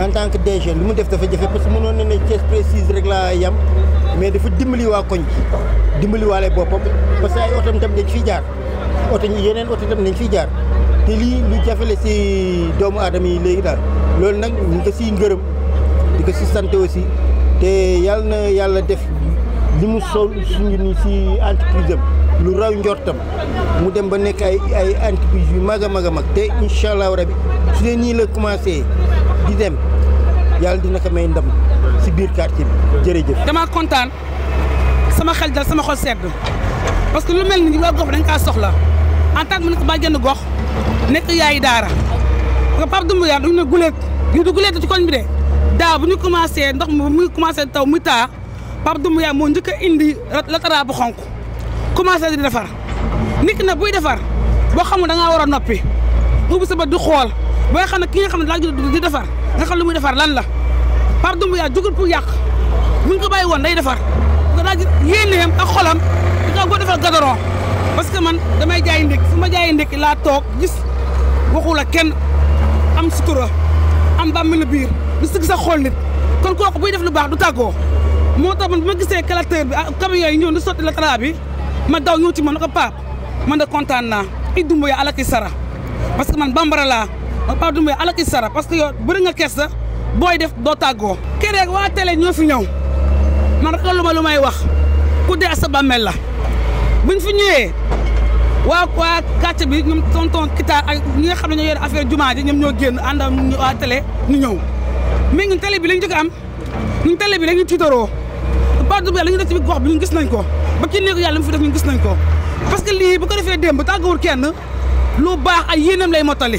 en tant que DG lu mu def dafa jafe parce que mënoon na ne Thiès Prestige rek laa yam mais dafa dimbali waa koñ bi dimbali waale boppam parce que ay oto tam dañ fiy jaar oto ñi yeneen oto dem dañ fiy jaar te lii lu jafele si doomu aadama yi léegi daal loolu nag nga ngi siy ngërëm di ko si sant aussi te yàlla na yàlla def li mu sol suñu ni si entreprise am lu raw njortam mu dem ba nekk ay ay entreprise yu mag a mag a mag te incha allahu rabi si dee nii la commencé di dem yalla dina ko may ndam ci biir quartier bi jërëjëf. damaa sama xel dal sama xol sedd parce que lu melni ni waa gox dañ ka soxla en tant que mon ko ba genn gox nek yaay daara nga que dum yaa dum na guleet yu du guleet ci koñ bi de da bu ñu commencé ndox mu muy commencé taw mu taa Pape dum yaa mo a indi latara bu xonk commencé di defar nit na buy defar bo xamul da nga wara a noppi sa ba du xol ba nga xam ki nga xam ne daa jël dund di defar nga xam lu muy defar lan la par bu yaa jugul pour yàq bu ñu ko bàyyi woon day defar nga daa yéeneem ak xolam di taw boo defal gadaron parce que man damay jaay ndékki fu ma jaayee ndékki laa toog gis waxu la kenn am sutura am bàmmeelu biir du si a xool nit kon kooku buy def lu baax du tàggoo moo tax man bu ma gisee collecteur bi ak camion yi ñëw di sotti la tara bi ma daw ñëw ci man ne ko Pape man de kontaan naa i dumb parce que Ah, Pape Doumbia alaki sara parce que yow bëri kees la booy def doo tàggoo. kereeg waa télé ñoo fi ñëw man rek lu ma lu may wax ku dee sa bàmmeel la buñ fi ñëwee waa waa kàcce bi ñoom tonton Kita ak ñi nga xam ne ñoo yore affaire jumaa ji ñoom ñoo génn ànd ak waa télé ñu ñëw mais ñun télé bi lañ jóge am ñun télé bi lañu tiitaroo Pape Doumbia la ñu def ci gox bi ñun gis nañ ko ba ci néegu yàlla mu fi def ñun gis nañ ko parce que lii bu ko defee démb tàgguwul kenn lu baax ay yéenam lay motali.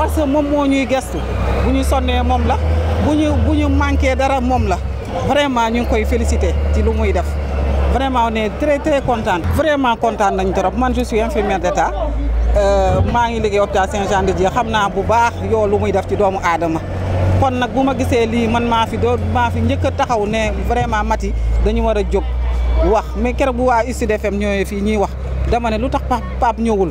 parce que moom moo ñuy gestu bu ñu sonnee moom la bu ñu bu ñu manqué dara moom la vraiment ñu ngi koy félicité ci lu muy def vraiment ne est très très vraiment content nañ trop man je suis infirmière euh, maa ngi liggéey hôpital saint de Dieu xam naa bu baax yoo lu muy def ci doomu aadama kon nag bu ma gisee lii man maa fi doo maa fi njëkk a taxaw ne vraiment Mati dañu war a jóg wax mais kere bu waa Sud FM ñëwee fii ñuy wax dama ne lu tax Pape Pape ñëwul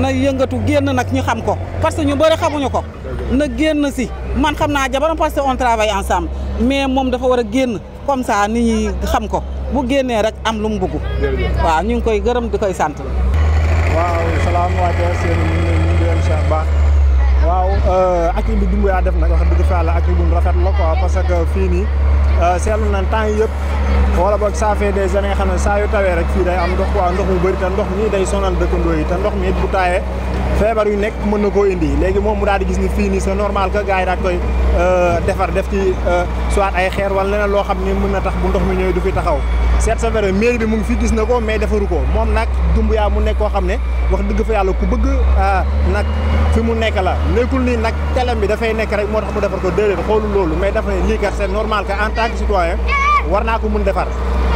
na yëngatu genn nak ñu xam ko parce que ñu bëre xamuñu ko na genn si man xam naa jabaram parce que on travaille ensemble mais mom dafa wara genn comme ça nit ñi xam ko bu genné rek am lu mu bëgg wa ñu ngi koy gërëm di koy sant waaw jé seen ñu ngi leen si baax waaw euh, accueil bi ya def nak wax dëgg fa la accueil bu rafet la quoi parce que fii Euh, seetlu nañ temps yi yëpp wala boog ça fait des années nga xam ne saa yu tawee rek fii day am ndox waa ndox mu bëri te ndox mi day sonal dëkkandoo yi te ndox mi it bu taayee feebar yu nekk mën na koo indi léegi moom mu daal di gis ni fii nii sa normal que gars yi daal koy euh, defar def ci euh, soit ay xeer wala leneen loo xam ni mën na tax bu ndox mi ñëwee du fi taxaw Cheikh Savère mairie bi mu ngi fi gis na ko mais defaru ko moom nag Doumbouya mu nekk koo xam ne wax dëgg fa yàlla ku bëgg ah, nag fi mu nekk la nekkul nii nag telem bi dafay nekk rek moo tax mu defar ko déedéet xoolul loolu may def ne lii kat c'est normal que en tant que citoyen war naa ko mun defar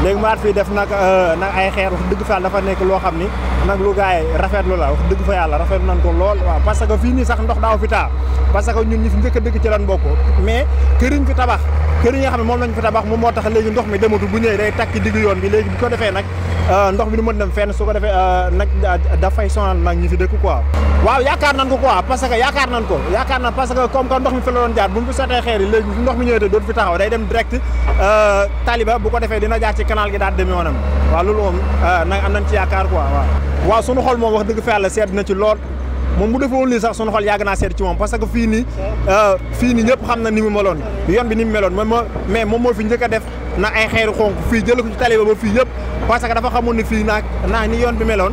léegi mu daat fii def nag euh, nag ay xeer wax dëgg fa yàlla dafa nekk loo xam ni nag lu gars yi rafetlu la wax fa yàlla rafetlu nañ ko lool waaw parce que fii nii sax ndox daaw fi taa parce que ñun ñi fi njëkk a dëkk ci lan bokk mais këriñ fi tabax kër yi xam moom lañ fi tabax moom moo tax léegi ndox mi dematu bu ñëwee day takk diggu yoon bi léegi bu ko defee nag euh, ndox mi du mën dem fenn su ko defee euh, nag dafay sonal nag ñi fi ko quoi waaw yaakaar nañ ko quoi parce que yaakaar nañ ko yaakaar nañ parce que comme que ndox mi fi la doon jaar bu mu fi dem direct euh, taliba bu ko defee dina jaar ci canal gi daal demee woonam waaw loolu moom euh, na am nañ ci yaakaar quoi waaw. waaw sunu moom wax dëgg fa yàlla sedd na ci lool moom bu defoon lii sax sunu xol yàgg naa sedd ci moom parce que fii nii euh, fii nii ñëpp xam na ni mu meloon yoon bi ni mu meloon moom mais moom fi njëkk a def na ay xeeru xonk fii jëlee ko ci ba fii yëpp parce que dafa xamoon ni fii naak naa ni yoon bi meloon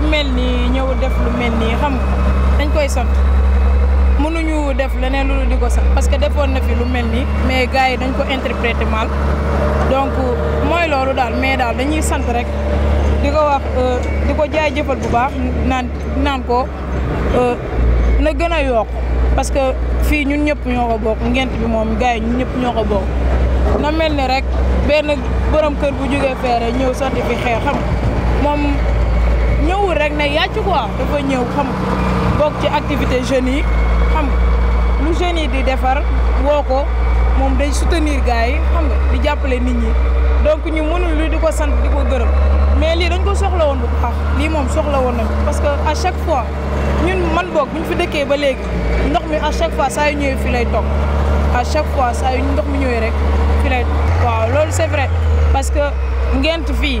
ku mel nii ñëw def lu mel ni xam dañ koy sant mënuñu def leneen loolu di ko sant parce que defoon na fi lu mel ni mais gars yi dañ ko interprété mal donc mooy loolu daal mais daal dañuy sant rek di ko wax euh, di ko jaay jëfal bu baax naan naan ko euh, na gën a yokk parce que fii ñun ñëpp ñoo ko bokk ngent bi moom gars yi ñun ñëpp ñoo ko bokk na mel ni rek benn borom kër bu jógee feere ñëw sotti fi xeer xam moom ñëwul rek ne yàcc quoi dafa ñëw xam bokk ci activité jeunes yi xam lu jeunes yi di defar woo ko moom day soutenir gars yi xam nga di jàppale nit ñi donc ñu mënul lu di ko sant di ko gërëm mais lii dañ ko soxla woon bu baax lii moom soxla woon nañ parce que à chaque fois ñun man boog bu ñu fi dëkkee ba léegi ndox mi à chaque fois saa yu ñëwee fi lay toog à chaque fois saa yu ndox mi ñëwee rek fi lay waaw loolu c'est vrai parce que ngent fii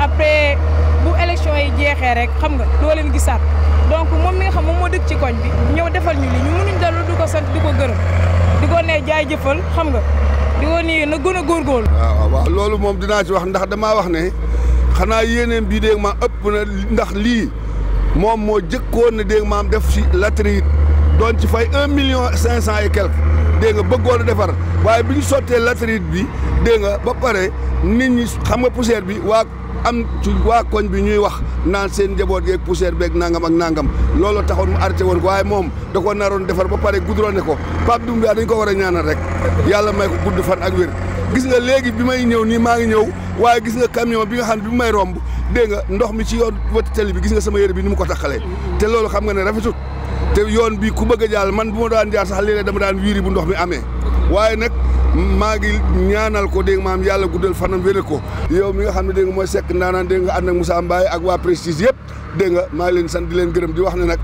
après bu élection yi jeexee rek xam nga doo leen gisaat donc moom mi xam moom moo dëkk ci koñ bi ñëw defal ñu li ñu mënuñ dalu di ko sant di ko gërëm di ko ne jaay jëfal xam nga di ko nii na gën a góorgóorlu. waaw loolu moom dinaa ci wax ndax damaa wax ne xanaa yéeneen bii dégg ma ëpp na ndax lii moom moo jëkkoon ne dégg maam def ci latérite doon ci fay un million cinq cent et quelque. dégg nga bëggoon a defar waaye bi ñu sottee latérite bi dégg nga ba pare nit ñi xam nga poussière bi waa am ci waa koñ bi ñuy wax naan seen njaboot geeg poussière beeg nangam ak nangam loolu taxoon mu arrêté woon ko waaye moom da ko naroon defar ba pare goudronné ko Pape Doumbia dañ ko war a ñaanal rek yàlla may ko gudd fan ak wér. gis nga léegi bi may ñëw nii maa ngi ñëw waaye gis nga camion bi nga xam ne bi may romb dégg nga ndox mi ci yoon wëtt tali bi gis nga sama yére bi ni mu ko taxalee te loolu xam nga ne rafetut. te yoon bi ku bëgg a man bu ma daan jaar sax léeg-léeg dama daan wiiri bu ndox mi amee waaye nag maa ngi ñaanal ko dégg maam yàlla guddal fanam wéral ko yow mi nga xam ne dégg mooy sekk ndaanaan dégg nga ànd ak Moussa Mbaye ak waa Prestige yëpp dégg maa leen sant di leen gërëm di wax ne nag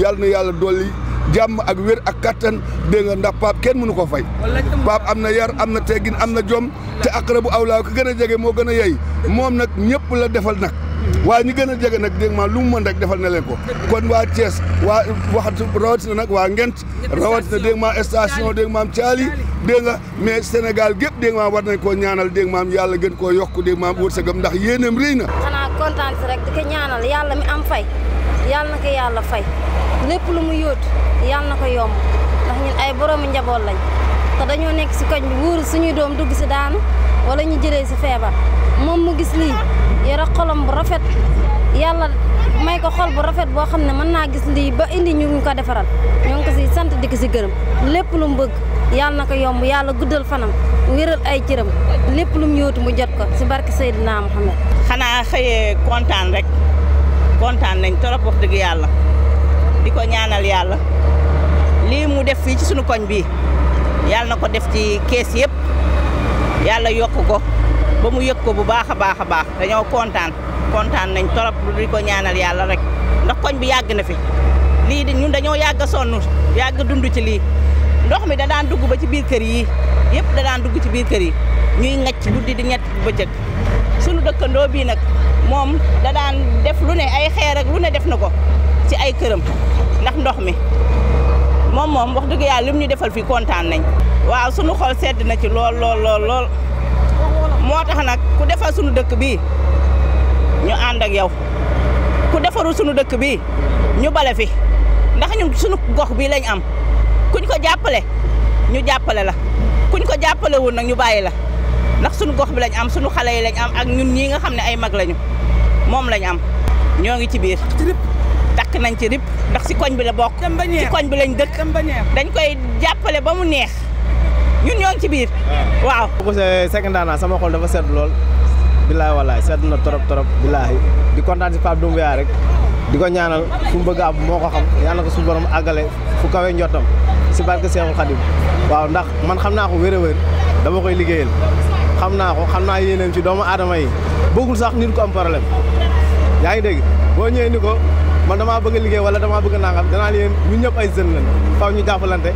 yàlla na yàlla dolli jàmm ak wér ak kattan dégg nga ndax Pape kenn mënu ko fay Pape am na yar am na teggin am na jom te aqrabu awlaa ko gën a jege moo gën a yey moom nag ñëpp la defal nag waaye ñu gën a jege nag dégg ma lu mu mën rek defal na leen ko kon waa Thiès waa waxatu rawatina nag waa Ngent rawatina dégg station dégg maam Thiali dégg mais Sénégal gépp dégg maam war nañ koo ñaanal dégg maam yàlla gën koo yokk dégg maam wërsëgam ndax yéeneem rëy na xanaa kontaan si rek di ko ñaanal yàlla mi am fay yàlla na ko yàlla fay lépp lu mu yóot yàlla na ko yomb ndax ñun ay boroomi njaboot lañ te dañoo nekk si koñ bi wóoru suñuy doom dugg si daanu wala ñu jëlee si feebar moom mu yore xolam bu rafet yàlla may ko xol bu rafet boo xam ne mën naa gis lii ba indi ñu ko defaral ñoo ngi ko si sant di ko si gërëm lépp lum bëgg yàlla na ko yomb yàlla guddal fanam wéral ay cëram lépp lum mu mu jot ko si barke Seydina Muhammad xanaa xëyee kontaan rek kontaan nañ trop wax dëgg yàlla di ko ñaanal yàlla lii mu def fii ci sunu koñ bi yàlla na ko def ci kees yëpp yàlla yokk ko ba mu yëg ko bu baax a baax a baax dañoo kontaan kontaan nañ torop di ko ñaanal yàlla rek ndax koñ bi yàgg na fi lii di ñun dañoo yàgg a sonn yàgg dund ci lii ndox mi da daan dugg ba ci biir kër yi yëpp da daan dugg ci biir kër yi ñuy ngacc guddi di ñett bëccëg sunu dëkkandoo bii nag moom da daan def lu ne ay xeer ak lu ne def na ko ci ay këram ndax ndox mi moom moom wax dëgg yàlla lim ñu defal fii kontaan nañ waaw sunu xol sedd na ci lool lool lool lool moo tax nag ku defar sunu dëkk bii ñu ànd ak yow ku defarul sunu dëkk bi ñu bale fi ndax ñu sunu gox bii lañ am kuñ ko jàppale ñu jàppale la kuñ ko jàppale woon nag ñu bàyyi la ndax sunu gox bi lañ am sunu xale yi lañ am ak ñun ñii nga xam ne ay mag lañu moom lañ am ñoo ngi ci biir. takk nañ ci rip ndax si koñ bi la bokk. ci koñ bi lañ dëkk. dañ koy jàppale ba mu neex. ñun ñoo ngi ci biir ah. waaw monsieur Seck Ndana sama xol dafa sedd lool bilaay walaay sedd na trop trop bilaay di kontaan si Pape Doumbia rek di ko ñaanal fu mu bëgg am moo ko xam yàlla na ko suñu borom àggale fu kawee njottam si barke Seexul Xadim waaw ndax man xam naa ko wér a wér dama koy liggéeyal xam naa ko xam naa yéeneem ci doomu aadama yi bëggul sax nit ko am problème yaa ngi dégg boo ñëwee ko man damaa bëgg a liggéey wala damaa bëgg a nangam danaa leen ñun ñëpp ay jeunes lañ faw ñu jàppalante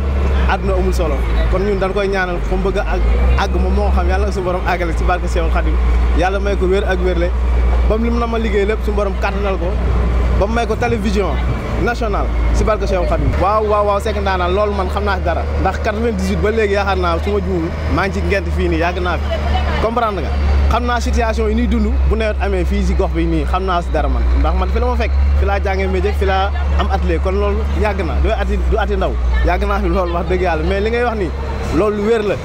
àdduna amul solo kon ñun dañ koy ñaanal fu mu bëgg a àgg àgg moo xam yàlla su borom àggale si barke Seexul Xadim yàlla may ko wér ak wérle ba mu lim na ma liggéey lépp su borom kàttanal ko ba mu may ko télévision national si barke Cheikh Khadim waaw waaw waaw Seck Ndanane loolu man xam naa dara ndax 98 ba léegi yaakaar naa su ma juumul maa ngi ci ngent fii nii yàgg naa fi comprendre xamna situation yi ni dund bu nawet amé fi ci gox bi ni xamna naa dara man ndax man fi la ma fekk fi la jangé médié fi la am atelier kon lool yàgg na du ati do ati ndaw yàgg naa fi lool wax deug yalla mais li ngay wax ni lool wër la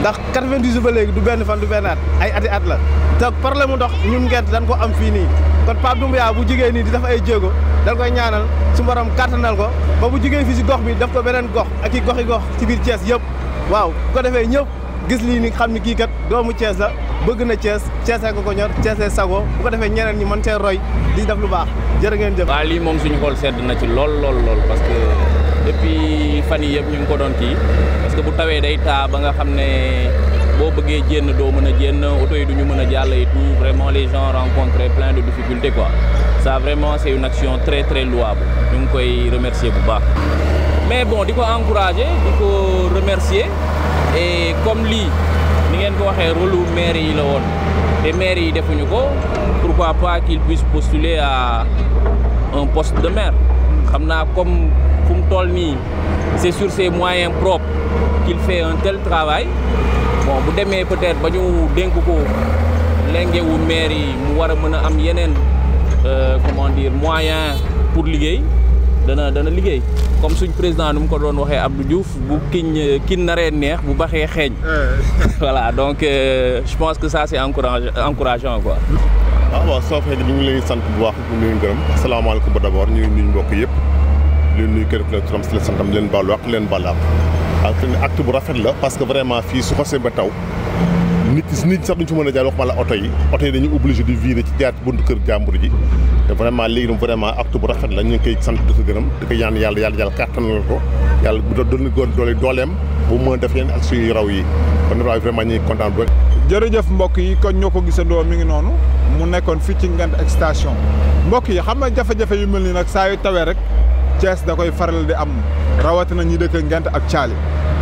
ndax 98 ba légui du ben fan du benat ay ati at la te problème mu ndox ñun ngeen dañ ko am fi ni kon Pape ya bu jigé ni di def ay djégo dañ koy ñaanal su borom katanal ko ba bu jigé fi ci gox bi daf ko benen gox ak i goxi gox ci bir Thiès yépp waaw ko défé ñëpp gis li ni xamni ki kat doomu Thiès la bëgg na Thiès Thiès ko ko ñor Thiès sago bu ko défé ñeneen ñi mën cee roy di def lu baax jërë ngeen jëf. waaw lii moom suñu xol sedd na ci lool lool lool parce que depuis fan yii yëpp ñu ngi ko doon kii parce que bu tawé day ta ba nga xamné ne boo bëggee jénn doo mën a jénn oto yi duñu ñu mën a jàll et tout vraiment les gens rencontraient plein de difficultés quoi ça vraiment c'est une action très très louable ñu ngi koy remercier bu baax. mais bon di ko encourager di ko remercier et comme lii ngeen ko waxee rôle maire yi la woon te maire yi defuñu ko pourquoi pas qu'il puisse postuler à un poste de maire xam naa comme fu mu toll nii c'est sur ses moyens propres qu'il fait un tel travail bon bu demee peut-être ba ñu dénk ko lengewu maire yi mu war a mën a am yeneen euh, comment dire moyen pour liggéey dana dana liggéey comme suñ président nu mu ko doon waxee Abdou Diouf bu kiñ kin naree neex bu baxee xeeñ eh. voilà donc euh, je pense que ça c'est encourage encourageant quoi ah, waaw waaw soo fekk ñu ngi leen sant bu baax ñu gërëm asalaamaaleykum ba d'abord ñu ngi nuyu mbokk yëpp leen nuyu kër la turam si leen baalu wax leen baal ak bu rafet la parce que vraiment fii su ba taw nit nit sax duñ fa mën a wax ma la oto yi oto yi dañuy obligé di virer ci jaar buntu kër jàmbur ji te vraiment léegi moom vraiment acte bu rafet la ñu ngi koy sant di ko gërëm di ko ñaan yàlla yàlla yàlla kàttanal ko yàlla bu doon góor doole dooleem bu mën a def yenn ak suñu raw yi kon vraiment ñu ngi kontaan bu jërëjëf mbokk yi kon ñoo ko gisandoo mi ngi noonu mu nekkoon fii ci Ngent ak station mbokk yi xam nga jafe-jafe yu mel nii nag saa yu tawee rek Thiès da koy faral di am rawatina ñi dëkk Ngent ak caali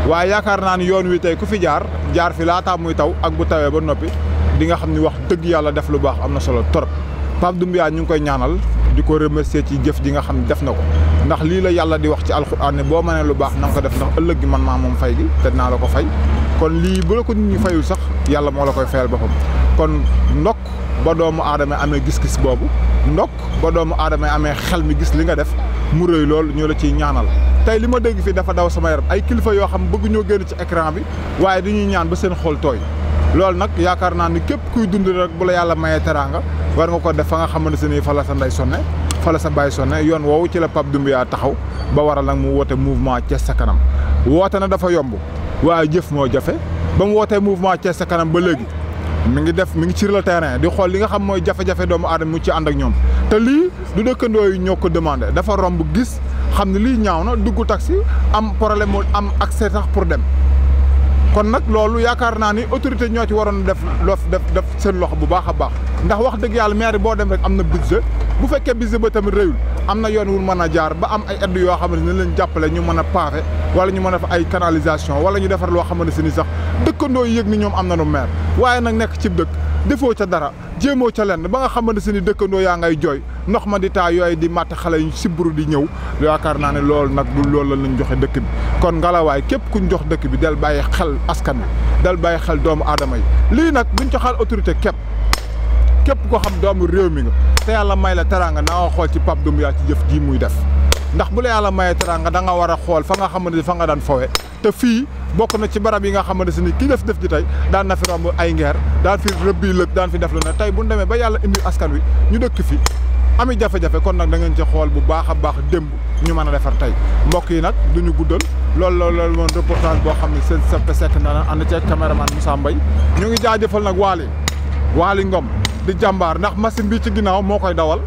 waaye yaakaar naa ni yoon wi tey ku fi jaar jaar fi laataa muy taw ak bu tawee ba noppi di nga xam ni wax dëgg yàlla def lu baax am na solo torop Pape Doumbia ñu ngi koy ñaanal di ko remercier ci jëf ji nga xam def na ko ndax lii la yàlla di wax ci alxuraan ne boo mënee lu baax na ko def ndax ëllëg gi man maa moom fay gi te dinaa la ko fay kon lii bu la ko nit ñi fayul sax yàlla moo la koy fayal boppam kon ndokk ba doomu aadama amee gis-gis boobu ndokk ba doomu aadama amee xel mi gis li nga def mu rëy lool ñoo la ciy ñaanal tey li ma dégg fii dafa daw sama yaram ay kilifa yoo xam bëgg ñoo ci écran bi waaye dañuy ñaan ba seen xol tooy loolu nag yaakaar naa ni képp kuy dund rek bu la yàlla mayee teraanga war nga ko def fa nga xamante ni fa la sa ndey sonne fa la sa baay sonne yoon woowu ci la Pape Doumbia taxaw ba a nag mu woote mouvement Thiès sa kanam woote na dafa yomb waaye jëf moo jafe ba mu wootee mouvement Thiès sa kanam ba léegi mu ngi def mu ngi ci le terrain di xool li nga xam mooy jafe-jafe doomu aadama mu ci ànd ak ñoom te lii du dëkkandoo yi ñoo ko demandé dafa romb gis xam ne lii ñaaw na dugg taxi am problème mu am accès sax pour dem kon nag loolu yaakaar naa ni autorité ñoo ci waroon def lof def def seen loxo bu baax a baax ndax wax dëgg yàlla maire boo dem rek am na budget bu fekkee budget ba tamit réyul am na yoon wu mën a jaar ba am ay aide yoo xam ne nañ leen jàppale ñu mën a paafe wala ñu mën a def ay canalisation wala ñu defar loo xamante ne ni sax dëkkandoo yëg ni ñoom am na nañu maire waaye nag nekk cib dëkk defoo ca dara jéemoo ca lenn ba nga xamante ne dëkkandoo yaa ngay jooy ndox ma di taa yooyu di màtt xale si sibbiru di ñëw yaakaar naa ne loolu nag du loolu la ñu joxe dëkk bi kon ngalawaay képp kuñ jox dëkk bi dal bàyyi xel askan bi dal bàyyi xel doomu aadama yi lii nag buñ joxal autorité képp képp ko xam doomu réew mi nga te yàlla may la teraanga na nga xool ci Pape Doumbia ci jëf ji muy def ndax bu la yàlla mayee teraanga da nga war xool fa nga ne fa nga daan fowe te fii bokk na ci barab yi nga xamante ne ki def def ji tey daan na fi romb ay ngeer daan fi rëbbi lëg daan fi def lu ne tey bu ñu demee ba yàlla indi askan wi ñu dëkk fi ami jafe-jafe kon nag da ngeen ci xool bu baax a baax démb ñu mën a defar tey mbokk yi nag du ñu guddal loolu lool loolu moom reportage boo xam ne seen seppe sekk na ànd ceeg caméraman Moussa Mbaye ñu ngi jaajëfal nag Waly Waly Ngom di jàmbaar ndax machine bi ci ginnaaw moo koy dawal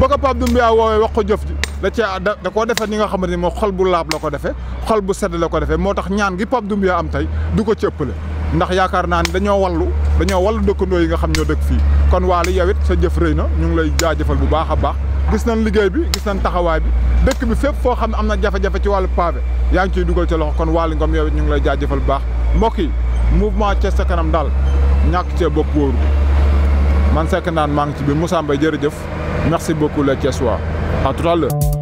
ba ko Pape da cee da koo defee ni nga xamante ni moom xol bu laab la ko defee xol bu sedd la ko defe moo tax ñaan gi Pape Doumbia am tey du ko ci ëppale ndax yaakaar naa ne dañoo wallu dañoo wallu dëkkandoo yi nga xam ñoo dëkk fii kon waali yow it sa jëf rëy na ñu ngi lay jaajëfal bu baax a baax gis nañ liggéey bi gis nañ taxawaay bi dëkk bi fépp foo xam ne am na jafe-jafe ci wàllu pavé yaa ngi ciy dugal ca loxo kon waali ngom yow it ñu ngi lay jaajëfal bu baax mbokk yi mouvement Thiès ca kanam daal ñàkk cee bopp wóoru man Seck Ndane maa ngi ci biir Moussa Mbaye jërëjëf merci beaucoup les Thiessois à tout à l'heure